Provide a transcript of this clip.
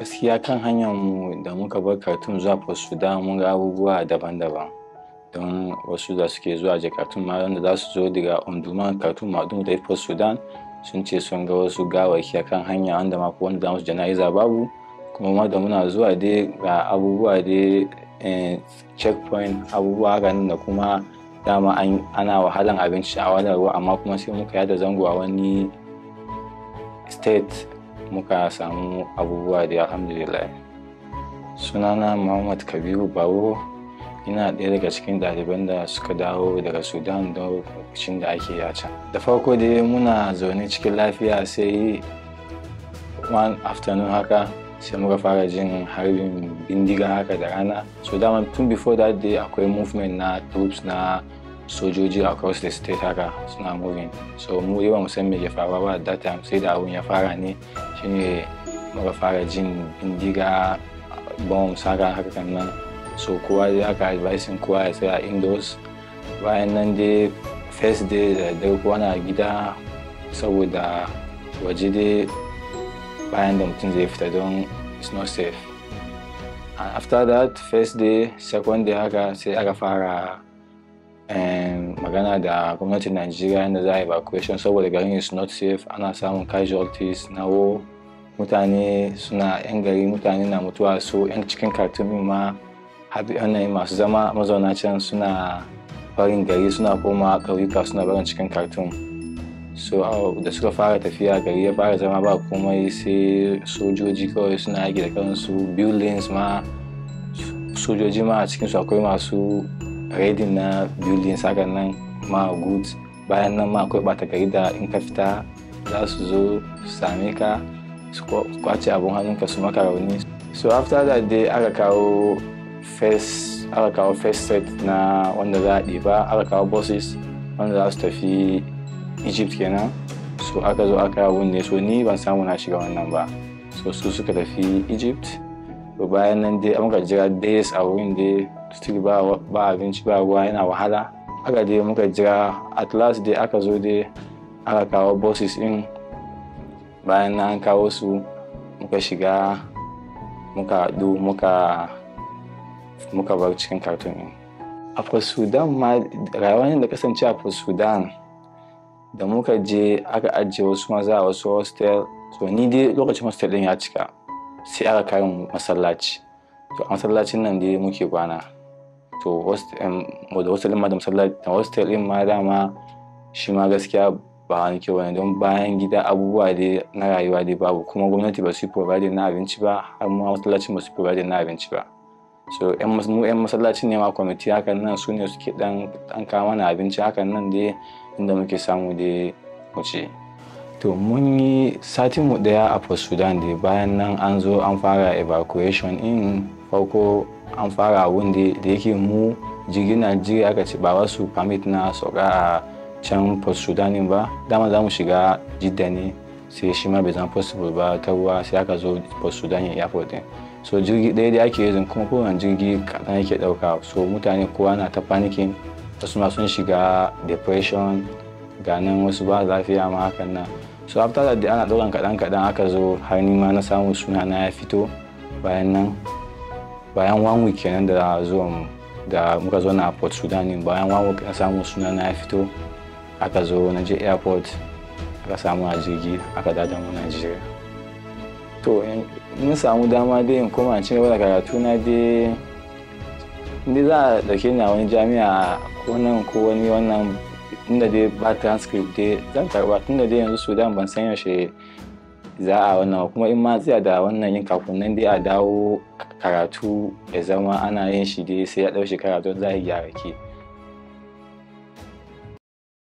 gaskiya kan hanyar mu da muka bar Khartoum zuwa post Sudan mun ga abubuwa daban-daban don wasu da suke zuwa jakatun ma da za su zo daga Unduma ma Madum da post Sudan sun ce sun ga wasu gawaki a kan hanya wanda ma ko wanda musu jana'iza babu kuma ma da muna zuwa dai ga abubuwa dai eh, checkpoint abubuwa haka da kuma dama ana wahalan abinci a wani ruwa amma kuma sai muka yada zango a wani state muka samu abubuwa da alhamdulillah sunana muhammad kabiru bawo ina ɗaya daga cikin ɗaliban da suka dawo daga sudan don lokacin da ake yaca da farko dai muna zaune cikin lafiya sai one afternoon haka sai muka fara jin harbin bindiga haka da rana so dama tun before that day akwai movement na troops na sojoji across the state haka suna moving so mu yi ba mu san me faruwa ba that time sai da abun ya fara ne shine muka fara jin bindiga bom saka hakan nan so kowa zai aka advising kowa ya tsaya indoors bayan nan dai first day da dai kowa na gida saboda waje dai bayan da mutum zai fita don it's not safe and after that first day second day haka sai aka fara eh, magana da gwamnatin Najeriya yadda za a evacuation saboda garin is not safe ana samun casualties na war mutane suna 'yan gari mutane na mutuwa so 'yan cikin khartoum ma yanayi masu zama mazauna can suna barin gari suna koma ƙauyuka suna barin cikin kartun so da suka fara tafiya gari ya fara zama ba komai sai sojoji kawai suna yaki da kansu buildings ma sojoji ma a cikinsu akwai masu raiding na buildings haka nan ma goods bayan nan ma akwai bata gari da in ka fita za su zo same ka su kwace abun hannunka su maka rauni so after that day aka kawo first aka kawo first set na wanda za a ɗiba aka kawo bosses wanda za su tafi egypt kenan so aka zo aka yawon ne so ni ban samu na shiga wannan ba so su suka tafi egypt to bayan nan dai muka jira days a wurin dai still ba abinci ba ruwa yana wahala aka dai muka jira at last dai aka zo dai aka kawo bosses in bayan na an kawo su muka shiga muka haɗu muka muka bar cikin karton ɗin a sudan ma rayuwar da kasance a sudan da muka je aka ajiye wasu maza a wasu hostel to ni dai lokacin hostel din ya cika sai aka kai masallaci to a masallacin nan dai muke kwana to hostel ma da masallaci da hostel in ma dama shi ma gaskiya ba wani kyau bane don bayan gida abubuwa dai na rayuwa dai babu kuma gwamnati ba su yi na abinci ba har ma masallacin ba su yi na abinci ba so mu yan masallacin ne ma kwamiti hakan nan su ne suke dan dan kawo mana abinci hakan nan dai inda muke samu dai mu ce to mun yi satin mu daya a Port Sudan dai bayan nan an zo an fara evacuation in farko an fara wunde da yake mu jirgin Najeriya aka ce ba wasu permit na sauka a can post sudanin ba dama za mu shiga jidda ne sai shi ma bai zama possible ba ta ruwa sai aka zo post sudan ya fote so jirgi ɗaya da ake yanzu kuma kowane jirgi kaɗan yake ɗauka so mutane kowa na ta panikin wasu ma sun shiga depression ganin wasu ba lafiya ma hakan nan so after that ana ɗaukan kaɗan kaɗan aka zo har ni ma na samu suna na ya fito bayan nan bayan one week kenan da zuwa da muka zo na port sudanin bayan one week na samu suna na ya fito aka zo na je airport aka samu a jirgi aka dada mu najeriya to mun samu dama dai in koma ci gaba da karatu na dai inda za a dauke ni a wani jami'a ko nan ko wani wannan inda dai ba transcript dai zan karba tunda dai yanzu sudan ban san yaushe za a wannan kuma in ma tsaya da wannan yin kafin nan dai a dawo karatu ya zama ana yin shi dai sai ya ɗau shekara don za a gyara ke.